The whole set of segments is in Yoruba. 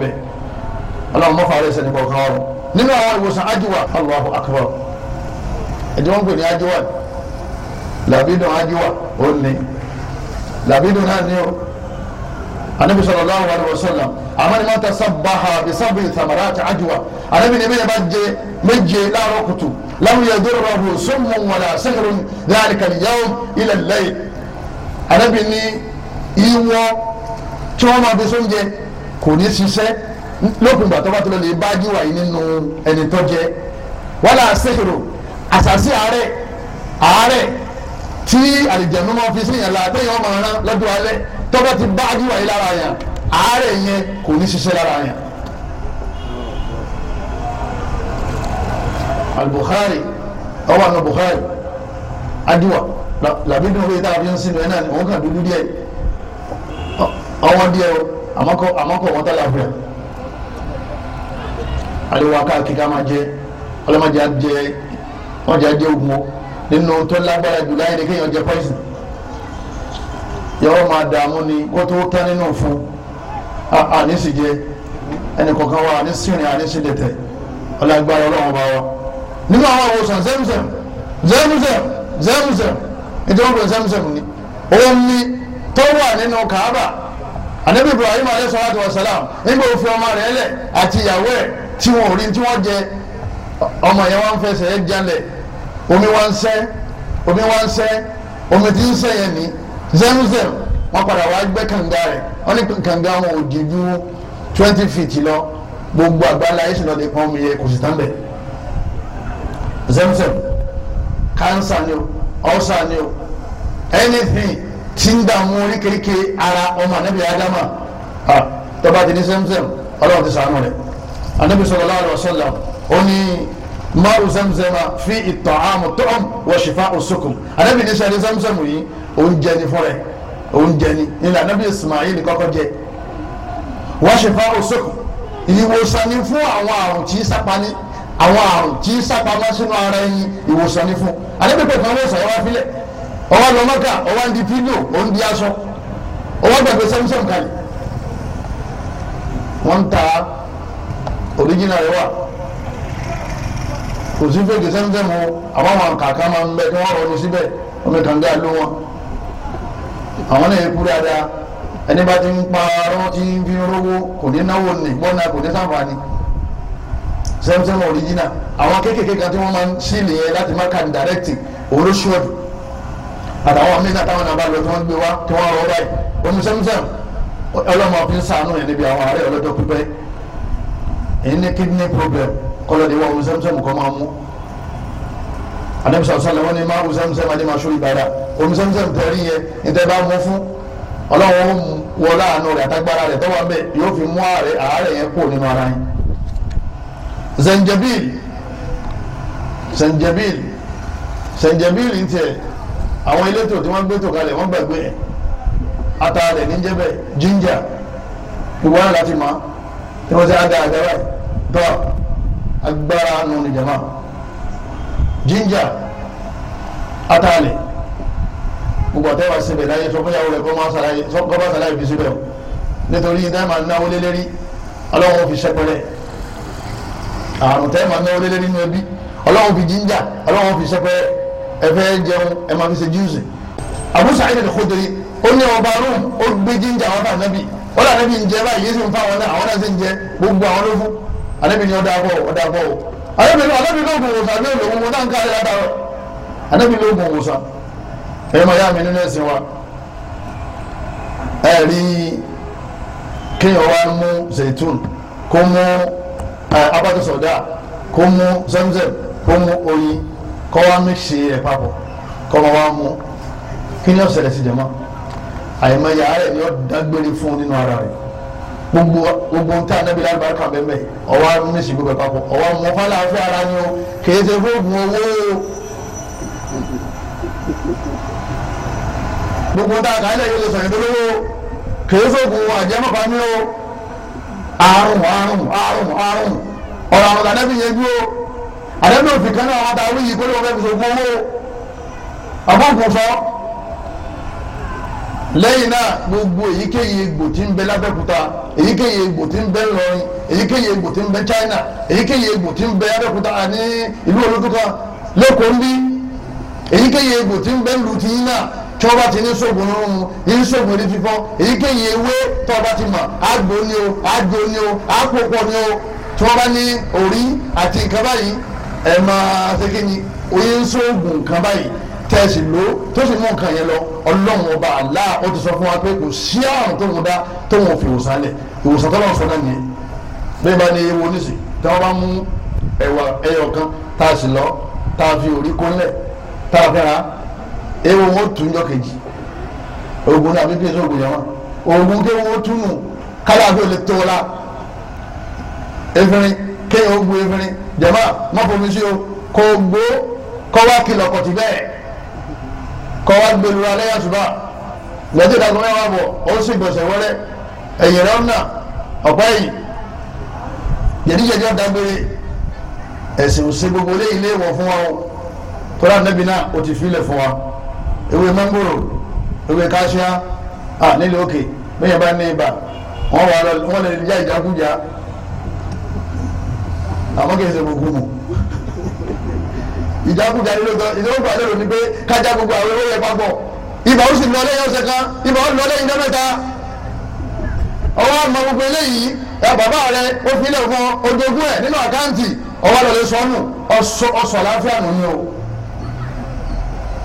bẹ̀ ọlọ́run mọ́fà rẹ̀ sẹ́ni kọ̀ọ̀kan ọ̀rọ̀ nínú àwọn ìwòsàn ajiwa Allahu akbar ẹ̀jẹ̀ wọn pè ní ajiwa làbídùn ajiwa ó ní làbídùn náà ní o anabi sallallahu alaihi wasallam amani ma ta sabaha bi sabi thamarati ajiwa anabi ni bẹ́ẹ̀ bá jẹ méje láàárọ̀ kùtù lam yadurruhu summun wala sihrun dhalika al-yawm ila al-layl anabi ni iwọ tí wọ́n máa fi sóúnjẹ kò ní ṣiṣẹ́ lópin ìgbà tó bá tó lọ lè bá jíwà yìí nínú ẹni tó jẹ wàhálà sèkèrò àṣàṣì àárẹ̀ àárẹ̀ tí àlìjẹ̀nu máa fi síyàn la àtẹ̀yìn ọmọ ọ̀ràn lọ́jọ́ alẹ́ tó ti bá jíwà lára yàn àárẹ̀ yẹn kò ní ṣiṣẹ́ lára yàn. Al-Bukhari ọwọ́ àná Bukhari adiwa làbí dùn lóye tá a fi ń sinmi ẹ̀ náà ni òun kà dúdú díẹ̀ ọwọ́ díẹ̀ o àmọ́ kò wọ́n tálàfíà àríwá káàkiri ká máa jẹ ọlọ́mọdé àjẹ ọjà àjẹ ogun o nínú tó lágbára jù láyé ni kéèyàn jẹ pọ́ìsì yọ̀wọ́ máa dààmú ni kó tó tán nínú fún àní sì jẹ ẹnì kọ̀ọ̀kan wa àní sìnrìn àní sì dẹ̀tẹ̀ ọlọ́gbára ọlọ́wọ́n bá wa nínú àwọn àwòsàn zẹ́mùsẹ̀m zẹ́mùsẹ̀m zẹ́mùsẹ̀m ìjọba zẹ́mùsẹ̀m ni òun ni tó wà nínú kàábà anabi ibrahim alayhi salatu wa salam nígbà òfin ọmọ rẹ̀ lẹ̀ àti ìyàwó ẹ̀ tí wọn ò rí tí wọ́n jẹ ọmọ yẹn wọ́n fẹsẹ̀ ẹ̀ jalẹ̀ omi wọ́n sẹ́ omi wọ́n sẹ́ omi tí ń sẹ́ yẹn ní zemzem wọ́n padà wá gbẹ́ kànga rẹ̀ wọ́n ní kànga wọn ò di ju twenty feet lọ gbogbo àgbàlá yìí sì lọ lè pọn omi yẹn kò sì tán bẹ̀ zemzem cancer ni o ulcer ni o anything tí ń gbà mú oríkèéríkè ara ọmọ anabi adama tọba ti ní sẹmsẹm Ọlọ́run ti sànú rẹ anabi sallallahu alaihi wasallam ó ní máàrú sẹmsẹmà fi ìtọ̀hámù tọ́m wọ ṣìfà òṣùkùn anabi ní sẹni sẹmsẹmù yìí oúnjẹ ni fún rẹ oúnjẹ ni nílẹ anabi ismail kọ́kọ́ jẹ wọ ṣìfà òṣùkùn ìwòsàn ni fún àwọn àrùn tí í sápani àwọn àrùn tí sápamọ́ sínú ara ẹni ìwòsàn fún anabi pẹ̀lú àwọn ìwòsàn wá fílẹ̀ ọwọ́ lọ mọ́kà ọwọ́ ń di fídíò ó ń di aṣọ ọwọ́ gbàgbé sẹ́mísẹ́m kalẹ̀ wọ́n ń ta oríjìnà rẹ̀ wà kò sí fèkì sẹ́mísẹ́m o àwọn àwọn kàkà máa ń bẹ kí wọ́n rọrùn síbẹ̀ ọmọ kànga ló wọn àwọn náà kú dáadáa ẹni bá ti ń parọ́ tí ń fi rówó kò ní náwó ní gbọ́nà kò ní sáǹfààní sẹ́mísẹ́m oríjìnà àwọn kéékèèké kan tí wọ́n máa ń sílè yẹn láti má kàn dàrẹ́kìtì olóṣùwọ̀dù àtàwọn mí náà táwọn náà bá lọ tí wọ́n gbé wá tí wọ́n rọ báyìí omi sẹ́mísẹ́m ọlọ́mọ fi ń sànú yẹn níbi àwọn àárẹ̀ ọlọ́jọ́ pípẹ́ èyí ní kidney problem kọlọ́dé wọ́n omi sẹ́mísẹ́m kọ́ máa mú anamisa ọsàn lẹwọn ni máa wù sẹmsẹm adé máa sọ ìbára omi sẹmsẹm tẹrí yẹ níta bá mú fún Ọlọ́run wọ láàánú rẹ̀ àtagbára rẹ̀ tọ́wọ́ bẹ́ẹ̀ yóò fi mú àárẹ̀ àárẹ̀ yẹn kó nínú ara yẹn. zanjabil zanjabil zanjabil ń tiẹ̀ àwọn elétò tí wọ́n gbé tò kalẹ̀ wọ́n gbàgbé ẹ̀ ata rẹ̀ ní jẹ́bẹ̀ jíńjà gbogbo ara láti máa tí wọ́n ti ada àgbàrá tọ́ agbára nù ní jama jíńjà ata rẹ̀ gbogbo àtẹ́wà síbẹ̀ láyé sọ fún yàwó rẹ̀ kọ́ máa sàlàyé sọ kọ́ máa sàlàyé fi síbẹ̀ o nítorí iná máa náwó lé ọlọ́run fi ṣẹpẹrẹ àrùn máa náwó lé nínú ẹbí ọlọ́run fi jíńjà ọlọ́run fi ṣẹpẹrẹ ẹ fẹ́ jẹun ẹ máa fi ṣe júùsì Abu Sa'id al-Khudri ó ní ọba rome ó gbé jíjà wọn fún anabi wọn lọ anabi ń jẹ báyìí yéésù ń fa àwọn náà àwọn náà sì ń jẹ gbogbo àwọn ló fún anabi ni ọdá bọ ọdá bọ o anabi ní anabi ló gùn wòsàn ní olóhùn wọn náà ń kárí anabi ló gùn wòsàn ẹ máa yá mi nínú ẹsìn wa ẹ rí kéèyàn wá mú zaitun kó mú abátọsọdá kó mú zamzam kó mú oyin kọ́ wa mixi rẹ̀ papọ̀ kọ́ ma wa mú kí ni ó ṣẹlẹ̀ sí jama àyẹ̀mọ yàrá rẹ̀ ni ó dágbére fún nínú ara rẹ̀ gbogbo gbogbo ntẹ anabi alibarika bẹnbẹ ọwọ mixi gbogbo papọ̀ ọwọ mọfà láàfin ara ni o kìí ṣe fún oògùn owó gbogbo ntẹ àkàlẹ̀ yìí lè sọ̀rọ̀ ìdólówó kìí ṣe oògùn àjẹmọ́pamí o àrùn àrùn àrùn àrùn ọ̀rọ̀ àwọn anabi yẹn dúró. àdẹ́nu òfin na náà taa, ta wíyí kó ló fẹ́ fi sògùn owó ọgbọ́nkùn sọ náà gbogbo èyíkéyìí egbò tí ń bẹ lábẹ́kúta èyíkéyìí egbò tí ń bẹ ńlọrin èyíkéyìí ń bẹ China èyíkéyìí egbò ń bẹ abẹ́kúta ní ìlú olódùkọ èyíkéyìí ń bẹ ti náà tí wọ́n bá ti ní ní fífọ́ èyíkéyìí ewé ti mọ̀ àgbo ni o àgbo ẹ máa ṣe kí ni oyè ń sóògùn nǹkan báyìí tẹ̀sí ló tó sì mú nǹkan yẹn lọ ọlọ́run ọba àlá ó ti sọ fún wa pé kò sí àrùn tó ń da tó ń fi ìwòsàn lẹ̀ ìwòsàn tó lọ́n sọ náà nìyẹn bẹ́ẹ̀ bá ní ewu oníṣì tí wọ́n bá mú ẹ̀wà ẹyọ kan tá a sì lọ tá a fi orí kó ńlẹ̀ tá a fẹ́ra ewu wọn tún jọ kejì oògùn náà bíbí èso oògùn yẹn wọn oògùn kéwọn tún nù kálá àbí olè tó la efirin kéèyàn ó bu efirin jẹ̀mọ́ mọ́fọ́mi sí o kò gbó kọ́ wá kìlọ̀ kọ̀tì bẹ́ẹ̀ kọ́ wá gbẹlura lẹ́yìn àṣùbà lọ́jọ́ ìdàgbọ́n mẹ́wàá bọ̀ ó sì gbọ̀nsẹ̀ wọlé ẹ̀yìn rẹ̀ ọ̀nà ọ̀pá ẹ̀yìn yẹ̀díyẹ̀dí ọ̀dàgbére ẹ̀sìn òsè gbogbo léyìn lé wọ̀ fún wa o tọ́lá nẹ́bí náà o ti filẹ̀ fún wa ewé mangoro ewé káṣíá à nílẹ̀ òkè bẹ́ẹ̀ bá ní ibà wọ́n lè já ìjákújá àmọ́ kì í ṣe gbogbo mu ìjákùjá nílò tán ìdókòwò àlẹ́ òní pé kájà gbogbo àwọn owó yẹn papọ̀ ibà ó sì lọ lẹ́yìn ọ̀sẹ̀ kan ibà ó lọ lẹ́yìn ọjọ́ mẹ́ta ọwọ́ àmọ́ gbogbo eléyìí ẹ bàbá rẹ ó filẹ̀ fún ojoojú ẹ̀ nínú àkáǹtì ọwọ́ lọ lè sọnù ọ̀sọ̀ láfíà nù ni o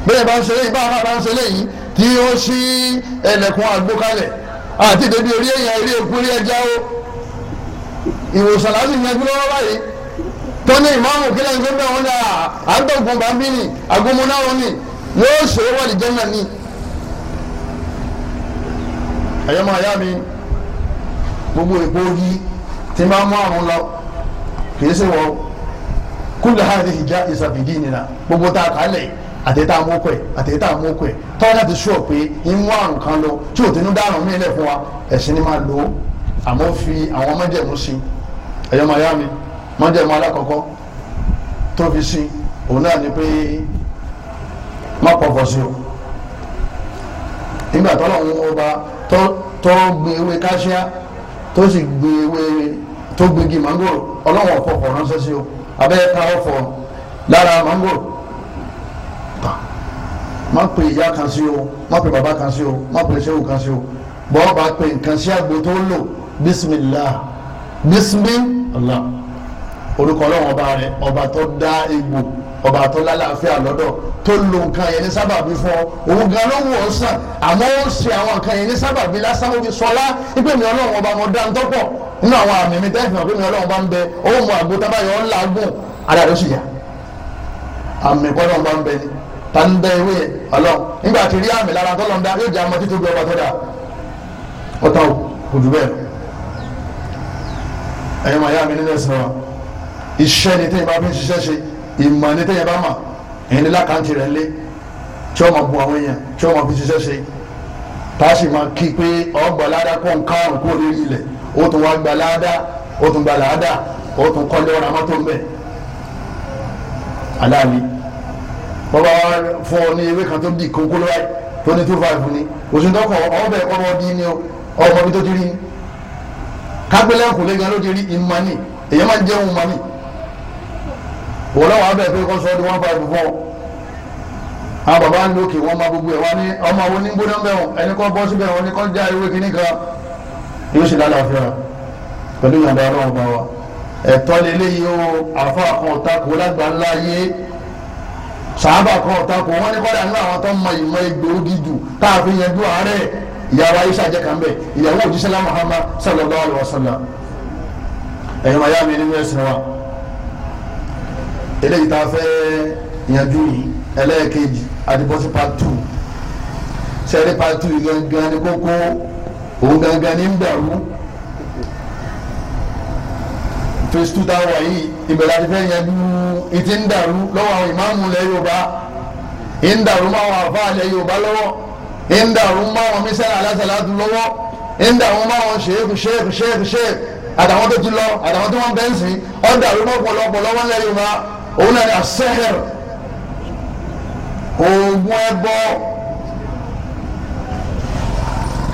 bẹ́ẹ̀ bá ń ṣe léyìí báwa bá ń ṣe léyìí tí ó ṣí ẹlẹ́kùn àgbo kalẹ̀ àti ìdẹ́bi orí èèyàn eré èkú rí ẹja o ìwòsàn láti yanjú lọ́wọ́ báyìí tọ́ni ìmáàmù kí lẹ́yìn tó bẹ̀ wọ́n dà àtọ̀gùn bàbí ni àgùnmu náà wọ́n ni yóò ṣe é wà ní jẹ́nà ni. ẹ̀yọ́ máa yá mi gbogbo èpo yí tí máa mú àrùn lọ kìí ṣe wọ kúlẹ̀ hàn ní ìjà ìsàbìdì nìyà gbogbo tá a kà á lẹ̀ àtẹ̀tà àmókò ẹ̀ àtẹ̀tà àmókò ẹ̀ tọ́lá ti sọ pé ìmú àrùn kan lọ tí ò tẹnu dáràn mí fún wa ẹ̀sìn ni máa lò ó àmọ́ fi àwọn ọmọdé mú sí ẹ̀yọ́ máa mi mọ́jẹ̀mọ́ alákọ̀ọ́kọ́ tó fi sí òun náà ni pé má pọ̀fọ̀ sí o nígbà tó lọ́wọ́ wọn bá tó gbin ewé káṣíá tó sì gbin ewé tó gbin igi mangoro ọlọ́wọ́ ọ̀pọ̀pọ̀ ránṣẹ́ sí o abẹ́rẹ́ ká ọ̀fọ̀ lára mangoro má pè ìyá kan sí o má pè bàbá kan sí o má pè ṣéwù kan sí o bọ́ọ̀ bá pè nǹkan sí àgbo tó lò bísímìlá bísímìlá orúkọ ọlọ́run ọba rẹ ọba tó dá egbò ọba tó lálàáfíà lọ́dọ̀ tó lo nǹkan yẹn ní sábàbí fún ọ òun gan ló wù ọ sàn àmọ́ ó ṣe àwọn nǹkan yẹn ní sábàbí lásán ó fi sọlá ipe mi ọlọ́run ọba mo dá ń tọ́pọ̀ nínú àwọn àmì mi tẹ́fì hàn pé mi ọlọ́run bá ń bẹ owó mu àgbo tábàyọ̀ ńlá gùn ara rẹ̀ sì yá àmì bọ́lọ̀ bá ń bẹ ni ta ń bẹ ewé yẹn ọlọ́run nígbà tí rí àmì lára tọ́lọ́ iṣẹ́ ni tẹ́yìn bá fi ń ṣiṣẹ́ ṣe ìmọ̀ ni tẹ́yìn bá mọ̀ ẹni lákàntì rẹ̀ lé tí wọ́n máa bu àwọn èèyàn tí wọ́n máa fi ṣiṣẹ́ ṣe tá a sì máa kí pé ọgbà ládàá kó nǹkan àrùn kúrò lórí ilẹ̀ ó tún wá gba ládàá ó tún gba ládàá ó tún kọ́ lọ́ra mọ́tò ń bẹ̀ aláàlí bọ́bá fún ọ ní ewé kan tó di kókó lọ́wọ́ tó ní two five ni òṣèǹdọ́kọ̀ ọ̀bẹ ọmọ ọdí ni ọmọ bí tó ti rí kápẹ́lẹ́kùn lẹ́gàn ló ti rí ìmọ̀ ni èèyàn máa ń jẹun ìmọ̀ ni bọ̀ lọ́wọ́ abẹ́ pé kọ́ sọ́ọ́ di one five fún ọ. àwọn bàbá ń lókè wọn máa gbogbo ẹ̀ wọn ní ọmọ wo ní gbóná bẹ́ẹ̀ ẹni kọ́ bọ́ síbẹ̀ wọn ní kọ́ já ewé kínní kan yóò ṣe lálàáfíà pẹ̀lú ìyàndà ọlọ́run bá wa ẹ̀tọ́ lélẹ́yìí o àfa kan ọ̀tako lágbà ńlá yé sàábà kan ọ̀tako wọn ní kọ́dà ńlá àwọn tó ń mọ ìmọ̀ egbòogi jù tá a fi àárẹ̀ ìyàwó Aisha jẹ́ kan bẹ́ẹ̀ ìyàwó òjíṣẹ́lá Muhammad sallallahu alaihi wasallam ẹ̀yọ́ mayami nínú ẹ̀sìn wa eléyìí tá a fẹ́ yanjú yìí ẹlẹ́ẹ̀kejì adibọ́sí part two sẹ́rí part two yìí gangan ni kókó òun gangan ni ń dàrú phase two tá a wà yìí ìbẹ̀rẹ̀ àti fẹ́ yanjú ìtì ń dàrú lọ́wọ́ àwọn ìmáàmù ilẹ̀ Yorùbá ń dàrú mọ́ àwọn àfáà ilẹ̀ Yorùbá lọ́wọ́ ń dàrú mọ́ àwọn mísẹ́lẹ̀ alásàlátù lọ́wọ́ ń dàrú mọ́ àwọn ṣèkù ṣèkù ṣèkù ṣèkù àtàwọn tó ti lọ àtàwọn tó wọn bẹ́ẹ̀ sìn ọ́ dàrú mọ́ pọ̀lọpọ̀ lọ́wọ́ ilẹ̀ Yorùbá òun náà sẹ́hẹ̀r oògùn ẹbọ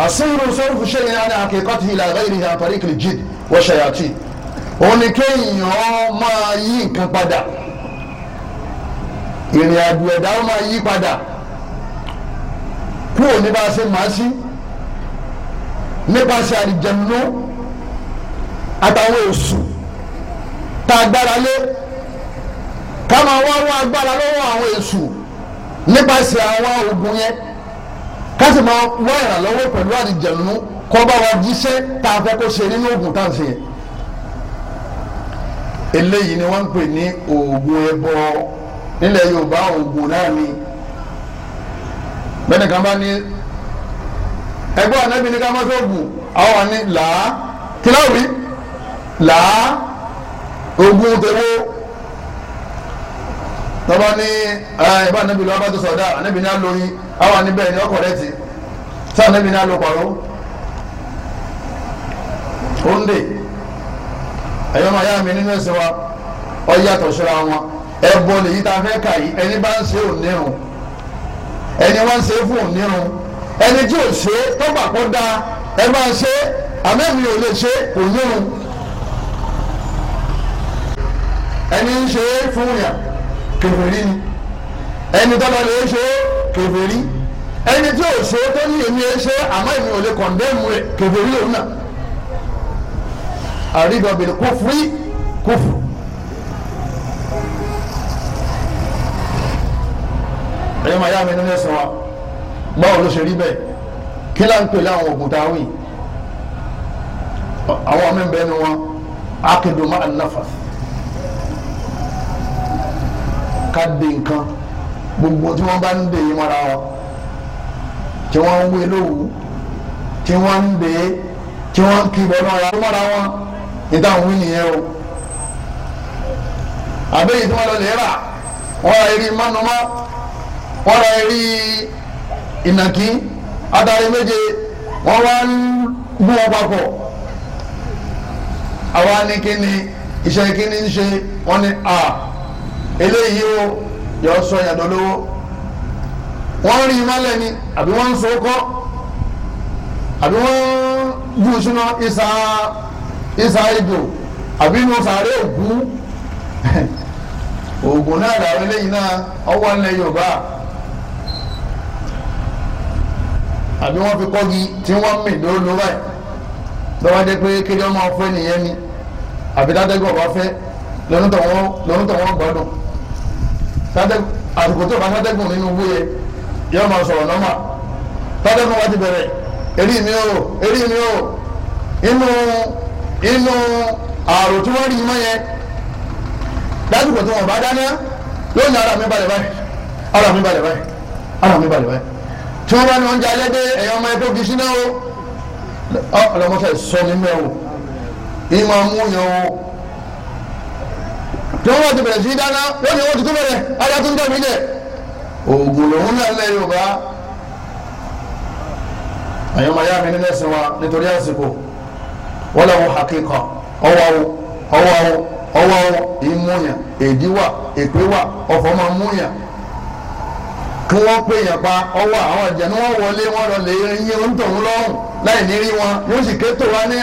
àsìrò sọ́rùfù ṣẹ́yìn náà ní akẹ́kọ̀ọ́ ti ilà ẹ̀rọ ìhà àtàríkìlì jid wọ́n ṣayàtì òun ni kéèyàn máa yí nǹkan padà ìrìn àjò ẹ̀dá máa yí padà kúrò ní ṣe máa sí nípasẹ̀ àlìjẹ̀nú àtàwọn èṣù tá a gbára lé. Kama máa wá wá agbára lọ́wọ́ àwọn èṣù nípasẹ̀ àwọn ogun yẹn ká sì máa wá ìrànlọ́wọ́ pẹ̀lú àdìjẹ̀nu kọ́ bá wa jíṣẹ́ tá a fẹ́ kó ṣe nínú ogun tá a ṣe ni wọ́n ń pè ní oògùn ẹbọ nílẹ̀ Yorùbá oògùn náà ni bẹ́ẹ̀ ni kan bá ní ẹgbẹ́ ànábì ní ká mọ́ sóògùn àwọn ní làá kí làá oògùn tèwo tọ́ba ní ìbá anabi lọ́wọ́ bá tó sọ̀dá anabi náà lóyún àwọn anibẹ̀ ni ọkọ̀ rẹ̀ ti tí anabi náà lọ pàrọ̀ òǹdè ẹ̀yọ́ máa yá mi nínú ẹ̀sìn wa ọ yàtọ̀ síra wọn ẹ̀bọ lèyí tá a fẹ́ kà yìí ẹni bá ń ṣe òǹdẹ̀rùn ẹni wọ́n ń ṣe fún òǹdẹ̀rùn ẹni tí ò ṣe tó bà kó da ẹ máa ṣe àmẹ́mi ò lè ṣe kò yẹ̀rùn ẹni ń ṣe fún yàn kèfèrí ni ẹni tọ́lọ́ lè ṣe kèfèrí ẹni tí ò ṣe tó ní èmi ẹ ṣe àmọ́ èmi ò lè kọ̀ndẹ́mù rẹ̀ kèfèrí òun náà àrídọ̀bìnrin kò fúrí kò fú. ẹ̀yin màá yá mi nínú ẹ̀sìn wa báwo ló ṣe rí bẹ́ẹ̀ kí là ń pè láwọn ògùn táwìn àwọn ọmọ ẹ̀ńbẹ́ ni wọn akédùnmá anáfàsì. ká de nǹkan gbogbo tí wọ́n bá ń de mọ́ra wọn tí wọ́n ń wé lówù tí wọ́n ń de tí wọ́n ń kí bọ́ mọ́ra wọn níta òun nìyẹn o àbẹ́yẹ tí wọ́n lọ lè rà wọ́n ra eré mánumá wọ́n ra eré ìnàkí adarí méje wọ́n wá ń gún wọn papọ̀ àwa ní kíni iṣẹ́ kíni ń ṣe wọ́n ní a. Ah eléyìí o yọ sọ yàtọ̀ lówó wọ́n rí mọ́lẹ̀ ni àbí wọ́n ń so kọ́ àbí wọ́n jù sínú ìsà ìsà ìdò àbí inú sàárẹ̀ òkú oògùn náà làwọn eléyìí náà ọwọ́ ńlẹ̀ Yorùbá àbí wọ́n fi kọ́gi tí wọ́n mì lóòlù báyìí lọ́wọ́ dé pé kéde ọmọ ọ̀fẹ́ nìyẹn ni àbí dádẹ́gbọ̀n bá fẹ́ lọ́nù tó wọ́n àsìkò tó bá sátẹ́gùn nínú owó yẹ yọ máa sọ̀rọ̀ nọ́mà sátẹ́gùn wa ti bẹ̀rẹ̀ èrí mi o èrí mi o inú inú àrùn tí wọ́n rí mọ́ yẹn lásìkò tí wọ́n bá dáná lónìí ara mi balẹ̀ báyìí ara mi balẹ̀ báyìí ara mi balẹ̀ báyìí tí wọ́n bá ní oúnjẹ alẹ́ dé ẹ̀yàn ọmọ ẹgbẹ́ òbí síná o ọlọmọfẹ sọ mi mẹ́ o ìmọ̀ amúyàn o lọ́wọ́ wọn ti bẹ̀rẹ̀ sí dáná wọ́n ní wọ́n ti tó bẹ̀rẹ̀ ayé tó ń dẹ̀ mí dẹ̀ oògùn lòun náà lẹ́ yorùbá àyàn máa yá mi nínú ẹ̀sìn wa nítorí àsìkò wọ́n lọ́wọ́ hakíkọ ọwọ́ ọwọ́ ọwọ́ ìmúyàn èdí wà èpè wà ọ̀fọ̀ máa múyàn kí wọ́n pè yàn pa ọwọ́ àwọn ìjẹ̀nu wọn wọlé wọn lọ lè yín oníntòun lọ́rùn láì ní rí wọn yóò sì ké tó wa ní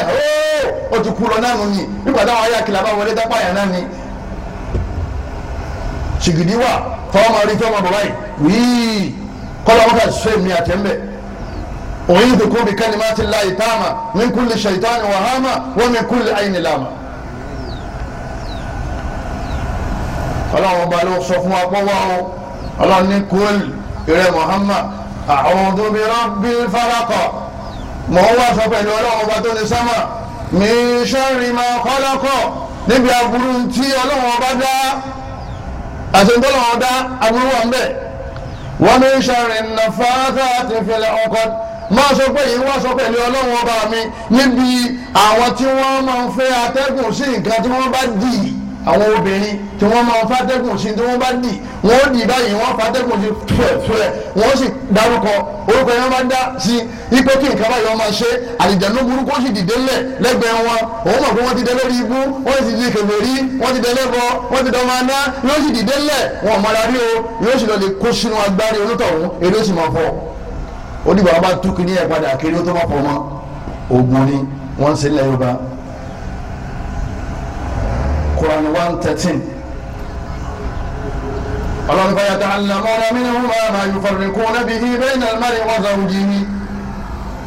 ó ti kú lọ náà nù ní nígbà táwọn ayé àkìlà bá wọlé dápá yàn náà ni sìgìdì wà tọ́mọ rí tọ́mọ bàbá yìí wíì kọ́lá wọn kà sọ èmi àtẹ́mbẹ́ òyìn dùkú bí kalimati llahi tama min kulli shaitani wa hama wa min kulli ayni lama. ọlọ́run ọba ló sọ fún wa pọ́ wá o ọlọ́run ní kúl ìrẹ́ Muhammad a'udhu bi rabbil falaq mọ̀ ń wá sọ pẹ̀lú ọlọ́run ọba tó ní sámà min sharri ma khalaq níbi aburú tí ọlọ́run ọba dá àti ntọ́lọ̀ wọn dá aburú wọn bẹ́ẹ̀ wọ́n ní sọ̀rìn nàfàdà àti ìfẹ̀lẹ̀ ọkọ máa sọ pé yìí wọ́n sọ pẹ̀lú ọlọ́run ọba mi níbi àwọn tí wọ́n máa ń fẹ́ atẹ́gùn sí nǹkan tí wọ́n bá dì í àwọn obìnrin tí wọ́n máa fàtẹ́gùn sí tí wọ́n bá dì wọ́n dì báyìí wọ́n fàtẹ́gùn sí fẹ́ẹ̀fẹ́ẹ̀ wọ́n sì dárúkọ orúkọ yẹn máa dá sí ipò kí nǹkan báyìí wọ́n máa ṣe àlìjànnú burúkú sì dìde lẹ̀ lẹ́gbẹ̀ẹ́ wọn òun mọ̀ pé wọ́n ti dẹ lórí ibú wọ́n sì di kèfèrí wọ́n ti dẹ lẹ́bọ wọ́n ti dọ̀mọ aná yóò sì dìde lẹ̀ wọn mọ̀ra rí o yóò sì lọ lè kó sínú agbárí onítọ̀hún èdè sì máa fọ́ ó dìbò àbá túkì ní ẹ̀ padà kiri ó tó má pọ̀ mọ́ ògùn ni wọ́n ń ṣe lẹ́yìn Quran one thirteen ọlọ́run fẹ́ yàtọ̀ alamọ́ra mi ni wọ́n máa ma yù fọ̀rọ̀ kó nábì ibẹ̀ iná mẹ́rin wọ́n sọ òjì ni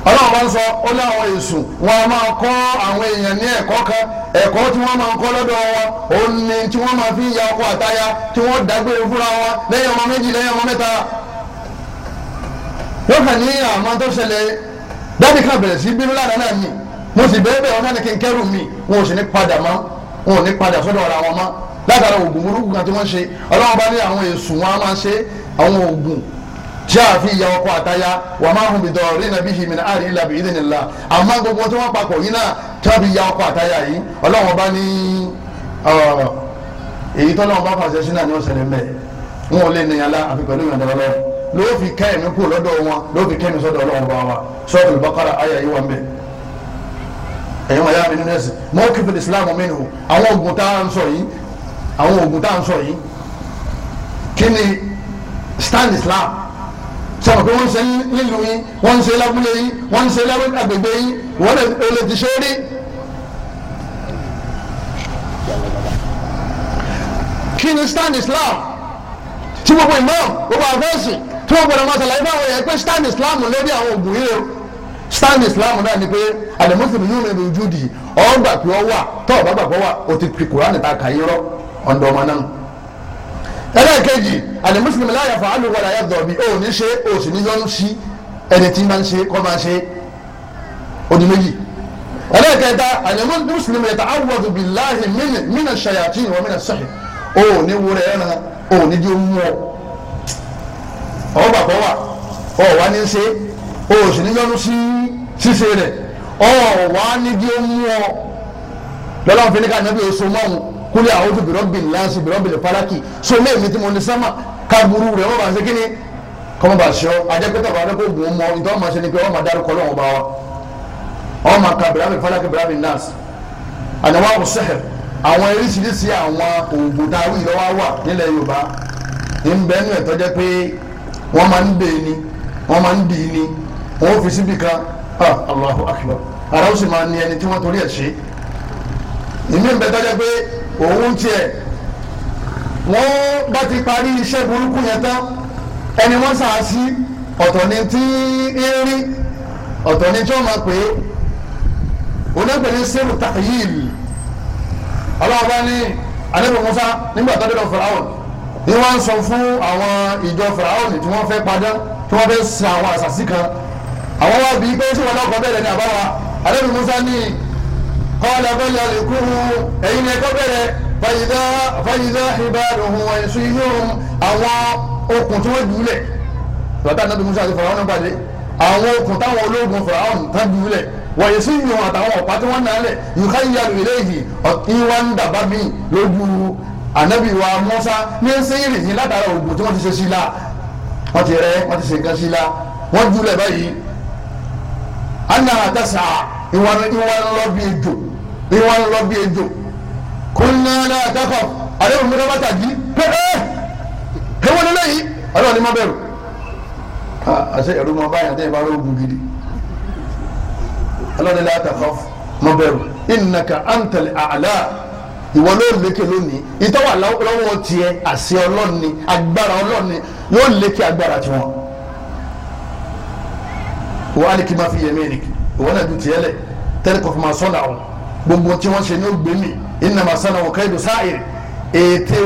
ọlọ́run bá ń sọ ó ní àwọn èsùn wọn a máa kọ́ àwọn èèyàn ní ẹ̀kọ́ kan ẹ̀kọ́ tí wọ́n máa ń kọ́ lọ́dọ̀ wọn òun ni tí wọ́n máa fi ya ọkọ àtaya tí wọ́n dágbére fúnra wọn lẹ́yìn ọmọ méjì lẹ́yìn ọmọ mẹ́ta wọ́n kàn ní àmọ́ tó ṣẹlẹ̀ dábì bẹ̀rẹ̀ sí bínú lára náà mi mo sì bẹ́ẹ̀ bẹ́ẹ̀ wọn náà ní kí n kẹ́rù mi wọn ò sì ní padà mọ́ wọn ò ní padà sọ́dọ̀ ara wọn mọ́ látara oògùn burúkú kan tí wọ́n ṣe ọlọ́run bá ní àwọn èsùn wọn á máa ṣe àwọn oògùn tí a fi ìyá ọkọ àtayá wà máa hùn bìtọ̀ rí nàbí hìmì náà àrí ìlàbí ìdí nìlá àmọ́ gbogbo tí wọ́n papọ̀ yìí náà tí wọ́n fi ìyá ọkọ àtayá yìí ọlọ́run bá ní èyí tó lọ́wọ́ bá fàṣẹ sí náà ni ó wọn ò lè nìyàn lá àfi pẹ̀lú ìyàn dọ́lọ́ ló fi kẹ́ẹ̀mí kú lọ́dọ̀ wọn ló fi kẹ́ẹ̀mí sọ́dọ̀ ọlọ́run bá wa sọ́ọ̀tù bàkàrà ayà yìí wà mẹ́ẹ̀ ẹ̀yin wọ̀nyá mi nínú ẹ̀sìn mọ́kìfì ìsìlámù mi nù àwọn oògùn tá à ń sọ yìí àwọn oògùn tá à ń sọ yìí kí ni stand islam sọ̀rọ̀ pé wọ́n ń ṣe nílùú yìí wọ́n ń ṣe lábúlé yìí wọ́n ń ṣe lágbègbè yìí wọ́n lè ti ṣe rí. kí ni stand islam tí gbogbo ìmọ̀ gbogbo àfẹ́sì tí wọ́n gbọ́dọ̀ máa ṣàlàyé fáwọn èèyàn pé stand islam lórí àwọn oògùn yìí o stand islam náà ni pé àdèmọ́sìmù yóò rìn ojú di ọgbà pé ọ wà tọ́ ọ̀bá gbàgbọ́ wà o ti pè kúrán níta kà yín rọ ọ̀ndọ̀ ọmọ náà. ẹlẹ́ẹ̀kejì àdèmọ́sìmù láyà fà á lò wọlé ayé dọ̀bí ó ní ṣe ó sì ní yọ́n sí ẹni tí máa ń ṣe kọ́ máa ṣe odi méjì. ẹlẹ́ẹ̀kẹta àdèmọ́sìmù yẹta awọ́dù bíláhì mínà ṣayàtì wọ́n mínà sọ́hì ó ní wúrẹ́ ẹ̀ràn ó ní dí ó mú ọ o sì ní yọnu sí ṣíṣe rẹ̀ ọ wà á ní bí ó mú ọ lọ́lọ́run fi ní ká nàbí èso mọ́hún kúlẹ̀ àwọn tó bìrọ̀ bìrì láǹsì bìrọ̀ bìrì fárákì so lẹ́ẹ̀mí tí mo ní sámà ká burú rẹ̀ wọ́n bá ń ṣe kí ni kọ́mọ́ bá ṣọ́ ajẹ́pẹ́tà bá dẹ́kọ̀ gùn mọ́ ìtọ́ ọmọ ṣe ni pé ọmọ dárúkọ lọ́wọ́ bá wa ọmọ ká bìrọ̀ bìrì fárákì bìrọ̀ bìrì láǹsì àdáwà kò sẹ́hẹ̀ àwọn eríṣiríṣi àwọn oògùn tá a wí lọ́wọ́ wà wọ́n fi síbi kan ah Allahu akbar ara ó sì máa ní ẹni tí wọ́n torí ẹ̀ ṣe ìmí bẹ tọ́jà pé òun tiẹ̀ wọ́n bá ti parí iṣẹ́ burúkú yẹn tán ẹni wọ́n sàásí ọ̀tọ̀ ni tí ń rí ọ̀tọ̀ ni tí wọ́n máa pè é onígbẹ̀rẹ̀ sẹ́rù tàyíl ọlọ́ọ̀bá ní alẹ́bùn musa nígbà tó dẹ́dọ̀ fìràwọ̀n ni wọ́n sọ fún àwọn ìjọ fìràwọ̀n tí wọ́n fẹ́ padà tí wọ́n fẹ́ sin àṣàsí kan àwọn wá bí pé tí wọn lọkọ bẹ̀rẹ̀ ní àbáwá alẹ́bí musa ní kọ́lá bẹ́lẹ̀ ìkúrú ẹ̀yin ni ẹ̀kọ́ bẹ̀rẹ̀ fàyídá fàyídá ìbáraẹ̀hún ẹ̀sùn yíyún àwọn okùn tí wọ́n jùlẹ̀ bàtà nàbí musa ti fọ̀rọ̀ wọn pàdé àwọn okùn táwọn ológun fọ̀rọ̀ àwọn tán jùlẹ̀ wọ̀nyí sí yìí wọn àtàwọn ọ̀pá tí wọ́n nálẹ̀ yìíká yíya lùlẹ̀ yìí ìwà ń dàbá mi lójú ànábì wa musa ní sẹ́yìn ana àtàsà ìwà ńlọ bí ejò ìwà ńlọ bí ejò kúnlẹ̀ náà dákọ̀ àdéhùn mi lọ́ba tàjí pẹ́ẹ́ ewu ni lẹ́yìn ọlọ́run ni mo bẹ̀rù àṣẹ ẹ̀rú mọ báyà tẹ́ ẹ bá rọ́ọ̀gùn gidi ọlọ́run ni láti kọ́ mo bẹ̀rù ìnàkà àǹtẹ̀lẹ̀ àlá ìwọ ló lékè lónìí ìtọ́wà lọ́wọ́ tiẹ̀ àṣẹ ọlọ́run ni agbára ọlọ́run ni yóò leke agbára tiwọn wàá ní kí n máa fi yẹmí nìkì ìwọ náà ju tiẹ̀ lẹ̀ tẹ́lẹ̀ kò fi máa sọ́nà o gbogbo tí wọ́n ṣe ní ògbé mi iná máa sọ́nà o káyọ̀dọ̀ sáàyè ètè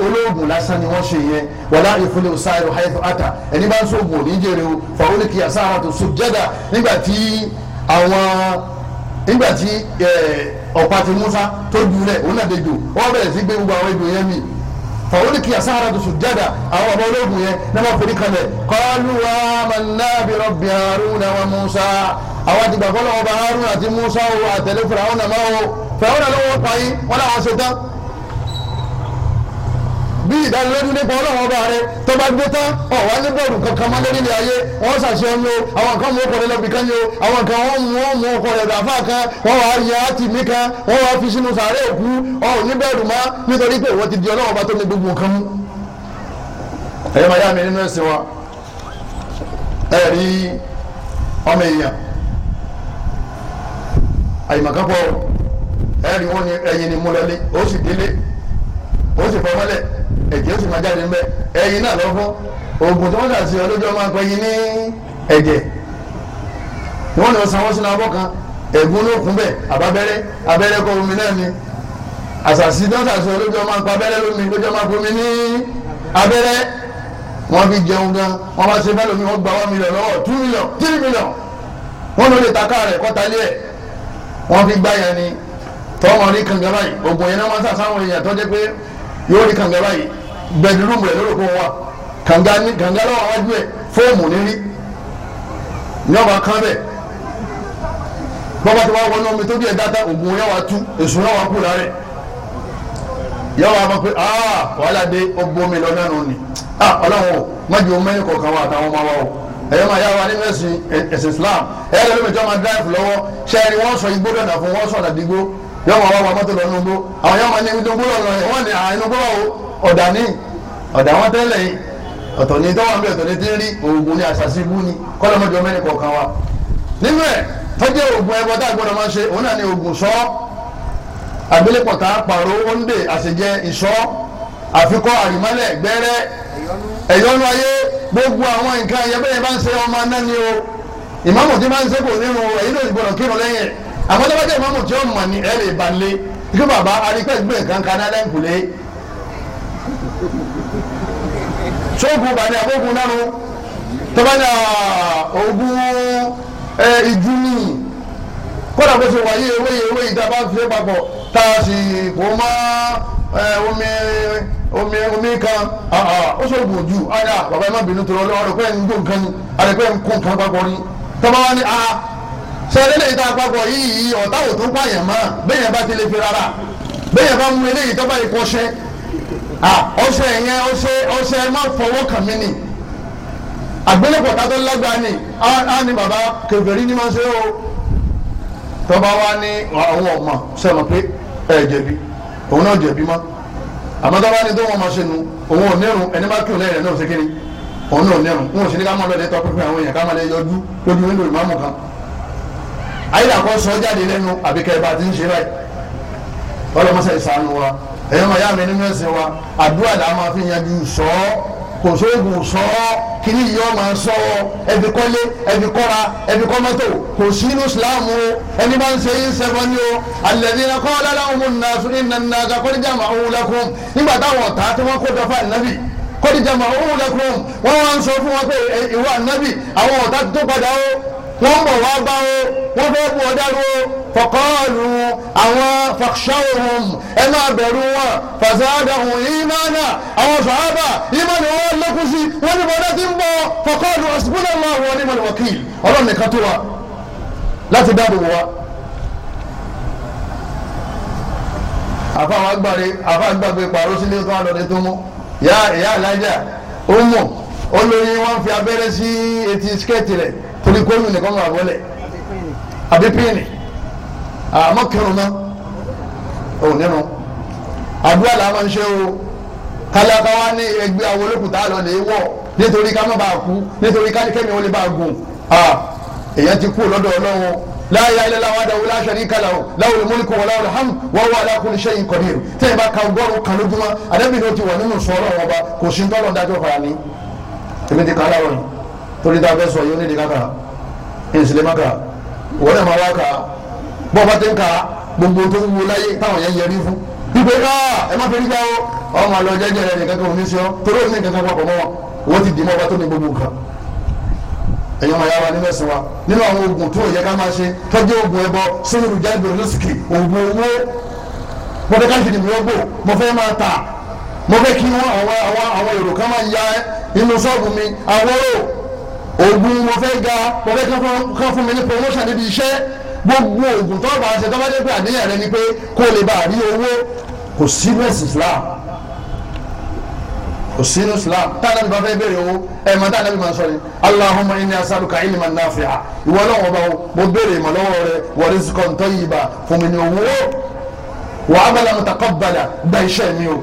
olóògùn lásán ni wọ́n ṣe yẹn wàlá ìfúnlẹ̀ sáàyè haythu ata ẹni bá ń sọ ògùn oníjèrè o fàwọlẹ̀ kìyà sáàrà tó so jẹ́dà nígbà tí àwọn nígbà tí ọ̀pá ti fọwọ́nì kí asahara tó sùjádà àwọn ọmọ ológun yẹn ní wọ́n forí kalẹ̀ kọ́lù wa màlábi rọ̀bì haruna wa musa àwọn àdìgbà fọlọ́wọ́ bá haruna àti musa wo àtẹlẹ́fura àwọn nàmá wo fẹ́wọ́n náà ló wọ́n pa yín ṣe tán bí ìdánilójú nípa ọlọ́run ọba rẹ tó bá gbé tán ọ̀wá ní bọ́ọ̀lù kankan máa lórí ilé ayé wọ́n ṣàṣẹ ọ̀nà àwọn kan mú ọkọ̀ rẹ lọ́bì kan yóò àwọn kan wọ́n mú wọ́n mú ọkọ̀ rẹ dàfà kan wọ́n wàá yẹ àti mí kan wọ́n wàá fi sínú sàárẹ̀ òkú ọ̀hún ní bẹ́ẹ̀rù má nítorí pé wọ́n ti di ọlọ́run ọba tó ní gbogbo nǹkan mú. ẹ̀yẹ́ máa yá mi nínú ẹ̀sìn wa ẹ̀rí ọmọ èèyàn àyìnbàkápọ̀ ẹ̀rí wọn ni ó sì délé ó sì fọmọ́lẹ̀ ẹ̀jẹ̀ sì máa jáde mbẹ ẹyin náà lọ fún oògùn tí wọ́n dà sí ọlọ́jọ́ máa pẹ́ yín ní ẹ̀jẹ̀ wọ́n lọ sanwó sínú abọ́ kan ẹ̀gún ló kún bẹ́ẹ̀ àbábẹ́rẹ́ abẹ́rẹ́ kọ omi náà ni àṣàṣì dọ́tà sí ọlọ́jọ́ máa pa abẹ́rẹ́ lómi lọ́jọ́ máa pomi ní abẹ́rẹ́ wọ́n fi jẹun gan wọ́n bá ṣe bẹ́ẹ̀ lómi wọ́n gba one million lọ́wọ́ two million three million wọ́n lọ lè taká rẹ̀ kọ́ta lé ẹ̀ wọ́n fi gbá yẹn ni tọ́wọ́n rí kàngá yóò rí kànga báyìí bẹẹdúrúmù rẹ lórí òkun wa kànga ní kànga lọ́wọ́ wájú ẹ̀ fóòmù nírí ní ọba kan bẹ́ẹ̀ bọ́bá tí wọ́n wọnú omi tó bí ẹ̀ dáta ògùn yẹn wá tú èso yẹn wá kú lára ẹ̀ yẹn wá bá pé aa ah, wàhálà dé ọgbọ́n mi lọ náà nìyí a ah, ọlọ́run o má jẹ́ omi ẹ̀yìn kọ̀ọ̀kan wa àtàwọn ọmọ wa o ẹ̀yẹ́ máa yá wa nínú ẹ̀sìn ẹ̀sìn Islam ẹ̀yẹ́ lómi tí wọ́n máa dáìfù lọ́wọ́ ṣẹ́ẹ̀rì wọ́n sọ igbó dọ̀nà fún wọ́n sọ̀nà dìgbò yọọ ma wá wa mọ́tò lọ inú gbó àwọn yọọ ma ní inú gbó yẹn wọ́n ní à inú gbó o ọ̀dà ní ọ̀dà wọn tẹ́lẹ̀ yìí ọ̀tọ̀ ní tọ́wọ́ àbí ọ̀tọ̀ ní tí ń rí oògùn ní àṣàṣì ibú ni kọ́lọ́ mọ́jọ mẹ́rin kọ̀ọ̀kan wa nínú ẹ̀ tọ́jú oògùn ẹbọ tá a gbọ́dọ̀ máa ṣe òun náà ni oògùn sọ àgbélépọ̀ tá a pààrọ̀ oúnjẹ àṣejẹ ìṣọ́ àfikọ́ àrímọ́lẹ̀ gbẹ́rẹ́ ẹ̀yọ́nú ayé gbogbo àwọn nǹkan ẹ̀yẹ bẹ́ẹ̀ bá ń ṣe ọmọ náà ni o ìmáàmù tí bá ń ṣe kò nínú ẹ̀yìn lòdì gbọ́dọ̀ kírun lẹ́yìn àwọn tọ́wọ́ jẹ́ ìmọ̀mù tí ó mọ̀ ní ẹ̀rẹ̀ ìbànlé kí bàbá arípẹ́ gbé nǹkan kan náà lẹ́ǹkùlé sóògùn bàdé àbógun nánu tọ́wọ́ ní ogun ìjú ní kódà kó ṣe wáyé ewé ewé ìta bá fi papọ̀ tá a sì kó mọ́ omi omi omi kan ó sóògùn ojú ara bàbá ẹ má bínú tó lọ́wọ́ rẹ̀ pé ń gbó nǹkan ni àrẹ̀pẹ́ ń kó nǹkan papọ̀ ni tọ́wọ́ ní a sẹ́yìn lè ta àpapọ̀ yìí ọ̀tá ò tún pààyàn mọ́ bẹ́yẹn bá ti lè fi rárá bẹ́yẹn bá mú eléyìí tó bá yẹ kó ṣe ọṣẹ yẹn ọṣẹ ọṣẹ má fọwọ́ kàn mí ni àgbélẹ̀pọ̀ tá tó ni á ní bàbá kèfèrí ní máa ṣe o tọ́ba wa ní àwọn ọmọ sẹ́nu pé ẹ jẹ̀bi òun náà jẹ̀bi mọ́ àmọ́ tọ́ba ní tó wọn máa ṣe nu òun ò nírun ẹni bá kírun lẹ́yìn rẹ̀ náà ṣe kí ni òun náà nírun wọn ò sì ní ká máa lọ ilé tọ́ pípẹ́ àwọn èèyàn ká máa lè yọjú lójú nínú ìmáàmù kan àyíká kọ́ sọ jáde lẹ́nu àbíkẹ́ bá ti ń ṣe rẹ̀ ọlọ́mọṣẹ́ ìsànù wa ẹ̀yọ́ màá yá mi nínú ẹ̀sìn wa àdúrà là máa fi yanjú sọ ọ́ kò sóògùn sọ ọ́ kìíní yìí ọ́ máa sọ ọ́ ẹbí kọ́lé ẹbí kọ́ra ẹbí kọ́ mọ́tò kò sí inú Ìsìláàmù o ẹni bá ń ṣe yín sẹ́fọ́ ní o alladhina qala lahumu nnasu inna nnasa qad jama'u lakum nígbà táwọn ọ̀tá tí wọ́n kó dọ́fà nàbì qad jama'u lakum wọ́n wá ń sọ fún wọn pé ìwà wọ́n bọ̀ wá gbá o wọ́n fẹ́ kú ọjà ló fọkọ́ọ̀lù àwọn fàṣàwòrán ẹ máa bẹ̀rù wọn fàṣàdàhùn ìmánà àwọn sàhábà ìmánà wọn lọ́kùn sí wọ́n ní bọ́dá ti ń bọ̀ fọkọ́ọ̀lù ọ̀sìnkúnlẹ̀ wọn wọn ní mọ̀lẹ́wọ̀ kí ọlọ́run nìkan tó wa láti dáàbò wa. àfa àwọn agbáre àfa àgbàgbé pàrọ̀ sílé kan lọ́dẹ tó mú ìyá ìyá alájà ó mọ̀ olóyin wọn fi abẹ́rẹ́ sí etí skẹ́ẹ̀tì rẹ̀ torí kóyún nìkan ló àbọ̀lẹ̀ àbí píìnì àmọ́ kírun náà ò nínú àdúrà làá máa ń ṣe o kálákà wá ní ẹgbẹ́ àwọn olókùtà lọ lè wọ̀ nítorí ká má bàa kú nítorí káníkẹ́mi ò lè bàa gùn èèyàn ti kú lọ́dọ̀ ọlọ́run láyé ayé lọ́wọ́ adáwó láṣẹ ní kálá o láwùlẹ̀ mọ́lìkù wọ́n láwùlẹ̀ hàm wọ́n wà lákùnrin ṣẹ́yìn kọ́dìrì tẹ́ ẹ bá ka ọgọ́rùn-ún kan lójúmọ́ adébìnrin ó ti wọ̀ nínú sọ́ọ́rọ̀ wọn ba kò sí ń tọ́lọ̀ dájọ́ fara ní. èmi ti kà á láwọn torí tá a fẹ́ sọ yóò ní ìdíkà kà ìsìlẹ̀mà kà wọ́n náà máa wá kà bọ́ bá ti ń kà gbogbo tó ń wo láyé táwọn yẹn yẹrí fún ipe ká ẹ má fi rí gbà ó ọmọ àlọ́ jẹ́jẹ́ rẹ̀ nìkan kan ò ní torí òun ní kan papọ̀ mọ́ wọn wọ́n ti dì mọ́ ọba tó ní gbogbo nǹkan ẹ̀yin ọmọ yàrá nínú ẹ̀sìn wa nínú àwọn oògùn tó yẹ ká máa ṣe tọ́jú oògùn ẹbọ sóyún jáde lọ́sìkì oògùn mo fẹ́ ga mo fẹ́ kán fún mi ní promotion níbi iṣẹ́ gbogbo oògùn tó bá ṣe tó bá dé pé àníyàn rẹ ni pé kó lè bá rí owó kò sí nurse islam kò sí nurse islam táwọn ẹni bá fẹ́ bèrè owó ẹ̀ mọ táwọn ẹni máa sọ ni allahumma inni asaluka ilman nafi'a ìwọ lọ́wọ́ bá mo bèrè ìmọ̀ lọ́wọ́ rẹ wa rizqan tayyiba fún mi ní owó wa amalan mutaqabbala gba iṣẹ́ mi o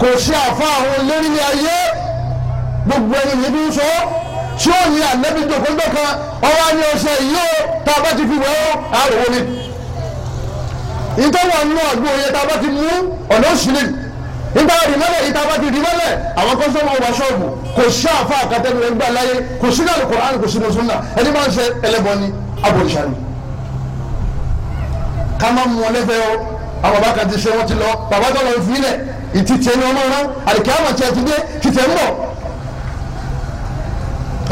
kò sí àfa àwọn olórí ayé gbogbo ẹni yìí bí ń sọ tí ó yin ànábi jòkóńdó kan ọwọ́ ni ọṣẹ yìí ó tá a bá ti fi wẹ̀ ọ́ àròwọ́ ni. ìtọ́wọ̀ nù ọ̀gbìn òye tá a bá ti mú ọ̀nà òṣìlẹ̀ nígbà rìmọ́lẹ̀ yìí tá a bá ti rìmọ́lẹ̀ àwọn kọ́sọ́mù ọba ṣọ́ọ̀bù kò sí àfa àkàtẹ́nu rẹ̀ gbà láyé kò sí náà Kùránì kò sí ní ẹni máa ń ṣe ẹlẹ́bọ ni ká má mú ọ o àwọn bàbá kan ti ṣe wọ́n ti lọ bàbá tó lọ fi ilẹ̀ ìtìtì ẹni ọmọ rán àdìkẹ́ àmọ̀ tiẹ̀ ti dé tìtẹ̀ ń bọ̀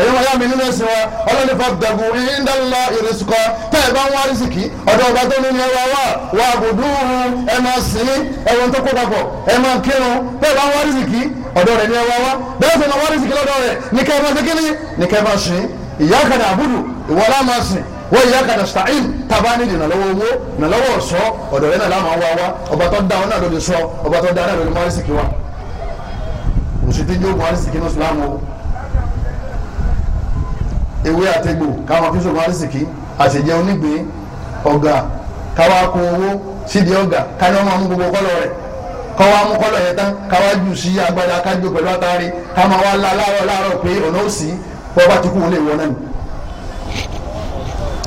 ẹ̀yọ́ wọn yá mi nínú ẹ̀sìn wa ọlọ́ni fàbẹ̀gùn ìdánilá ìrìsùkọ tẹ́ ẹ̀ bá ń wá rísìkì ọ̀dọ̀ ọba tó nínú ẹwà wà wà àbùdúhùn ẹ máa sìn ẹ̀wọ̀n tó kó papọ̀ ẹ máa kírun tẹ́ ẹ̀ bá ń wá rísìkì ọ̀dọ̀ rẹ̀ ní ẹwà wà bẹ́ẹ̀ sọ̀rọ̀ wá rísìkì lọ́dọ̀ rẹ̀ ní kẹ́ ẹ máa ṣe ní kẹ́ ẹ máa sìn ìyá kàdà àbúdù ìwọlá máa sìn wọ́n yà kàdà sàìm tabani di nàlọ́wọ́ owó nàlọ́wọ́ ọ̀ṣọ́ ọ̀dọ̀ rẹ̀ náà láwọn àwọn wa ọba tó da ọ náà ló lè sọ ọba tó da náà ló lè mọ àrísìkì wa òṣìṣẹ́ tí ń jó mọ àrísìkì ní o ewé àtẹgbò káwọn fi sọ̀rọ̀ àrísìkí àṣejẹ onígbìn ọ̀gà káwa kó owó sídìí ọ̀gà káyọ̀ máa mú gbogbo kọ́lọ̀ rẹ̀ kọ́wa mú kọ́lọ̀ yẹn tán káwa jù sí agbada kájọ pẹ̀lú àtàrí ká máa wá la láàárọ̀ láàárọ̀ pé ọ̀nà ó sì bọ́ bá wọlé ìwọ náà nù.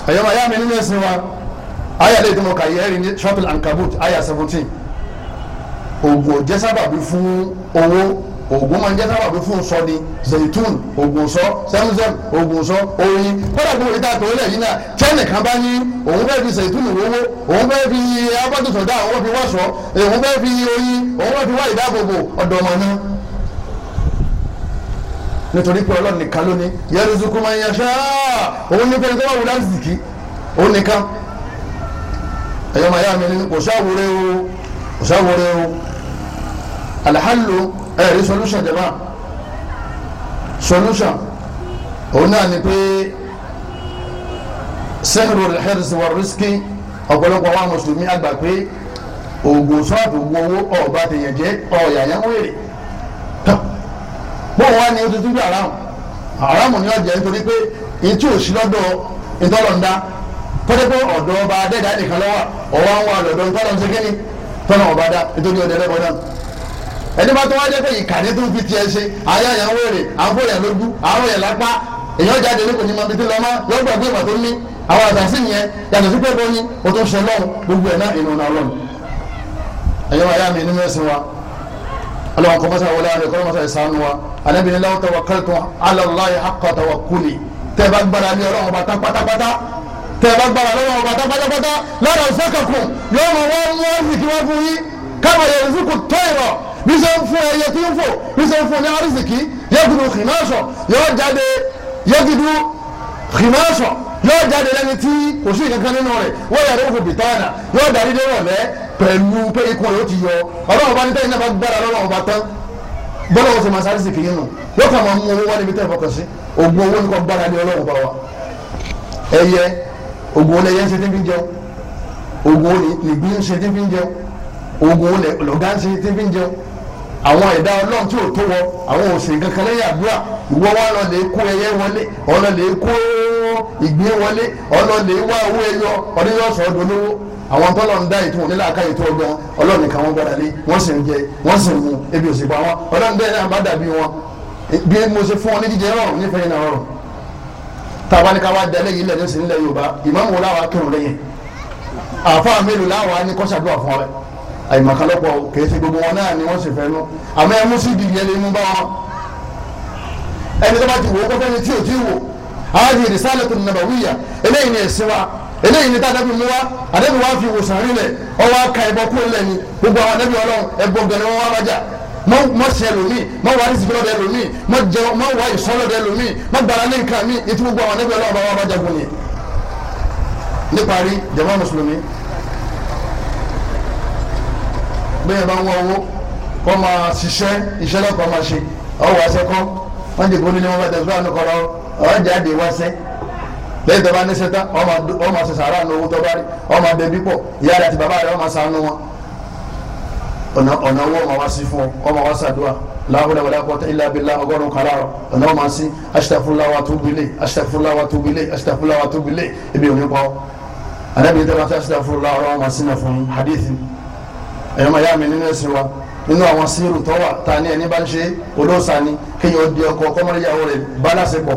ẹ̀yọ́ máa nínú ẹ̀sìn wa aya lè dùnmọ̀ kàyé ẹ̀rí ní Suratul Ankabut aya seventeen ògùn òjẹ́sábàbí fún owó oògùn máa ń jẹ́ sábàbí fún sọ ni zaitun oògùn sọ zemzem oògùn sọ oyin kódà kó ìta tó lẹ̀ yìí náà tẹ́nì kan bá ní òun fẹ́ fi zaitun wọ́wọ́ òun fẹ́ fi abátòsọ̀dá òun fi wàṣọ òun fẹ́ fi oyin òun fẹ́ fi wá ìdáàbòbò ọ̀dọ̀ ọmọ náà nítorí pé ọlọ́run nìkan ló ní yẹrùsùkú máa ń yànṣá òun ní pẹ́ẹ́ni tó wà wù lásìkí òun nìkan ẹ̀yọ́ màá yá mi ní kò sáwòrè o kò sáwòrè o alhàlù ẹ̀rí solution jẹba solution òun náà ni pé sẹ́hìrò al-hirs wa rísíkì ọ̀pọ̀lọpọ̀ àwọn mùsùlùmí àgbà pé oògùn sọ́ọ̀tù owó ọ̀ọ́bà tèèyàn jẹ́ ọ̀ọ̀yà yẹn wéèrè bó wá ní ojú túbí àràmù àràmù ni ọjà nítorí pé etí òsì lọ́dọ̀ ìtọ́lọ̀ǹda pẹ́ẹ́pẹ́ ọ̀dọ̀ ọba adẹ́dá nìkan lọ́wọ́ ọ̀wá ń wà lọ́dọ̀ ìtọ́lọ̀ǹsẹ́kẹ́ni tọ́lọ̀ ọba dá nítorí ọ̀dẹ̀ lẹ́kọ̀ọ́ náà ẹni bá tó wá jẹ́ pé ìkànnì tó fi tiẹ̀ ṣe ayé àyàn wèrè àwọn èèyàn lójú àwọn èèyàn lápá èèyàn jáde ní kò ní máa fi tí lọ́mọ́ lọ́gbà gbé ìmọ̀ tó ní àwọn àtàsí yẹn yàtọ̀ sí pé bó ní o tó ṣe lọ́run gbogbo ẹ̀ náà ìnùnà ọlọ́run ẹ̀yọ́ ayá mi nínú ẹ̀sìn wa ọlọ́run kọ́ mọ́sá wọlé àrẹ kọ́ mọ́sá ìsánú wa anábìrin láwọn tawakkaltu ala Allahi haqqa tawakkuli tẹ́ bá gbára lé ọlọ́run ọba pátápátá tẹ́ bá gbára lọ́wọ́ ọba pátápátá lára ìṣẹ́kọ̀kùn yóò mọ̀ wọ́n mú ọ́n bí ṣe ń fún ẹyẹ tí ń fò bí ṣe ń fún ní arísìkí yẹ́gidù kìmáṣọ̀ yóò jáde yẹ́gidù kìmáṣọ̀ yóò jáde lẹ́ni tí kò sí ìkankan nínú rẹ̀ wọ́n yàrá òfò bìtánà yóò darí dé rọ̀lẹ́ pẹ̀lú pé ikùn rẹ̀ ó ti yọ ọlọ́run bá ní tẹ́yìn náà bá gbára lọ́lọ́run bá tán bọ́lá wọn ti máa sáré sìkì yín nù yóò kà máa mú owó wá níbi tẹ́ ìfọkàn sí ògùn owó nìkan gbára lé ọlọ́run bá wa ẹyẹ ògùn olè yẹn ń ṣe tí fi ń jẹun àwọn ẹ̀dá ọlọ́run tí ò tó wọ àwọn òsìn kankan lẹ́yìn àdúrà ìwọ wa lọ lè kó ẹyẹ wọlé ọlọ lè kó ìgbín wọlé ọlọ lè wá owó ẹyọ ọdún yóò sọ ọdún lówó àwọn tọ́lọ̀ ń dá ètò òní làákà ètò ọgbọ́n ọlọ́run nìkan wọn gbọ́dọ̀ lé wọ́n sì ń jẹ wọ́n sì ń mu ebi òsì pa wọn ọlọ́run bẹ́ẹ̀ náà bá dàbí wọn bí mo ṣe fún wọn ní jíjẹ rọrùn nífẹ̀ẹ́ náà rọrùn táwa ní ká wá dalẹ̀ yìí lẹ́yìn sí nílẹ̀ Yorùbá ìmáàmù làwọn akẹ́rù lẹ́yìn àfáà mélòó àyìnbàkálọ́pọ̀ kìí ṣe gbogbo wọn náà ni wọ́n sì fẹ́ nú àmọ́ ẹ mú sí ìdí yẹn lè mú bá wọn ẹni tó bá ti wò ó kọ́kọ́ ni tí ò tí wò áájì risalatun nabawiyya eléyìí ni ẹ̀sìn wa eléyìí ni tàdébí mú wa àdébí wa fi ìwòsàn rí lẹ̀ ọwọ́ aka ẹ̀bọ kú lẹ̀ ni gbogbo àwọn àdébí ọlọ́run ẹ̀bọ gẹ̀rẹ́ wọn wá bàjá mọ sẹ lomi mọ wà ní sikilọ dẹ lomi mọ jẹ mọ wà ìsọlọ dẹ lomi mọ gbàrà ní nǹkan mi ètò gbogbo àwọn àdébí ọlọ́run bá wà bàjá fún mi. níparí jama mùsùlùmí bẹ́ẹ̀ bá ń wá owó kọ́ máa ṣiṣẹ́ iṣẹ́ náà kọ́ máa ṣe ọwọ́ àṣẹ kọ́ wọ́n jẹ́ gbóni ní wọ́n bá tẹ̀síwá àánú kọ́ra ọ̀rọ̀ jáde wá sẹ́ lẹ́yìn tó bá ní sẹ́tà ọmọ ṣe sàrà ní owó tó bá rí ọmọ bẹbí pọ̀ ìyá rẹ̀ àti bàbá rẹ̀ ọmọ ṣàánú wọn ọ̀nà ọ̀nà owó ọmọ wá sí fún ọ ọmọ wa ṣàdúrà láwùlẹ̀ wàlẹ̀ àpọ̀tẹ́ ilẹ̀ abilá ọgọ́rùn-ún kan láàrọ̀ ọ̀nà ọmọ sí aṣitafúláwà tó bilé aṣitafúláwà tó bilé aṣitafúláwà tó bilé ebi òní pa ọ́ àdàbí ìtẹ́wà aṣitafúláwà ọmọ sí náà fún hadith ẹ̀yọ́ máa yá mi nínú ẹ̀sìn wa nínú àwọn sírù tó wà ta ni ẹni bá ń ṣe olóòsà ni kéèyàn di ọkọ kọ́mọ́lẹ́yàwó rẹ̀ bá lásìkò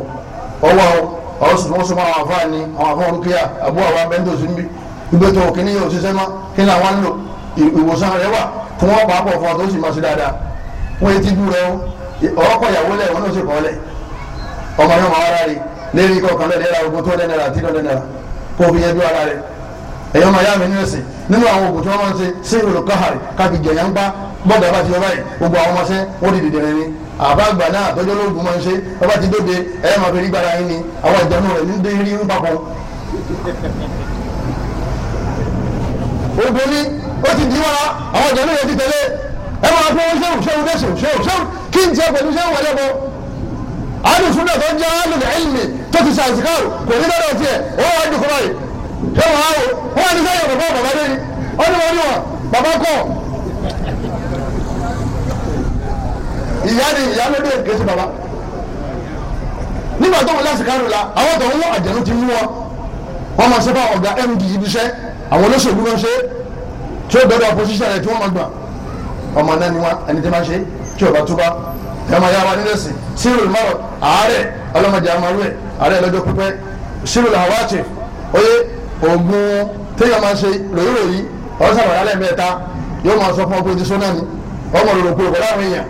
ọwọ́ àwọn sùnmọ́sùnmọ́ àwọn àfáà ni àwọn àfáà rúkìá àbúrò àwọn abẹ́ńdò sí níbi gbogbo tó kíní yóò ṣiṣẹ́ mọ́ kí ni àwọn ń lò ìwòsàn rẹ̀ wà kí wọ́n pa àpọ̀ fún ọ tó sì máa ṣe dáadáa wọ́n etí bú rẹ o ọkọ̀ ìyàwó lẹ̀ wọ́n náà ṣe kọ́ lẹ̀ ọmọ náà ẹ̀yọ́ máa yá mi nínú ẹ̀sìn nínú àwọn ògùn tí wọ́n máa ń ṣe sí olùkọ́hàrì káàkiri jẹ̀yà ń gbá bọ́ọ̀dù àbá ti ọba yìí gbogbo àwọn ọmọ sẹ́ wọ́n ti dìde rẹ ni àbá àgbà náà àtọ́jọ́ lóògùn máa ń ṣe ọba ti dóde ẹ̀yọ́ máa fi rí gbára yín ni àwọn ìjànú rẹ̀ ní rí ń papọ̀. ogun ni ó ti di wára àwọn ìjànú rẹ̀ ti tẹ̀lé ẹ máa fún ṣéwù ṣéwù ṣéwù ṣéwù ṣéwù kí n jẹ pẹ̀lú ṣéwù wọlé bọ́ àdùsùn náà tó ń jẹ́ àlùkò ẹ̀lìmì tó ti ṣàìsíkàrò kò ní lọ́dọ̀ tiẹ̀ ó wà á dùkú báyìí ṣé wàá wò wọ́n wá ní sẹ́yìn bàbá bàbá lórí ọdún wọn wà bàbá kọ̀ ìyá ni ìyá lóde gẹ̀ẹ́sì bàbá nígbà tó wọn lásìkò àrùn la àwọn tó ń wọ àjẹnú ti mú wọn wọn máa ṣe fún ọ̀gá md ibiṣẹ́ àwọn olóṣèlú ló ń ṣe tí ó bẹ̀rẹ̀ opposition rẹ̀ tí wọ́n máa gbà ọmọ náà ni wọn ẹni tí máa ṣe kí ọba tó bá ẹ máa yá wa nílẹ̀ sí sírò ìmọ̀ràn àárẹ̀ ọlọ́mọdé àmàlú ẹ̀ àárẹ̀ lọ́jọ́ pípẹ́ sírò làwọn àti oyè oògùn téèyàn máa ṣe ròyìnròyìn ọ̀rọ̀ sàrọ̀ yálẹ̀ mẹ́ta yóò máa sọ fún ọkùnrin ti sọ́nà ni ọmọ ròrò kúrò pẹ̀lú àwọn èèyàn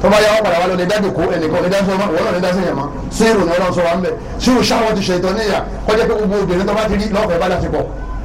tó bá yà wọ́n padà wà lónìí dájú kó ẹnìkan ní dáṣọ wọn lónìí dáṣọ yẹn mọ́ sí ìrònú ọlọ́run sọ wa ń bẹ̀ sí ìrù sáwọn ti ṣètò níyà kọjá pé gbogbo obìnrin tó bá ti rí lọ́ọ̀fẹ́ bá láti pọ̀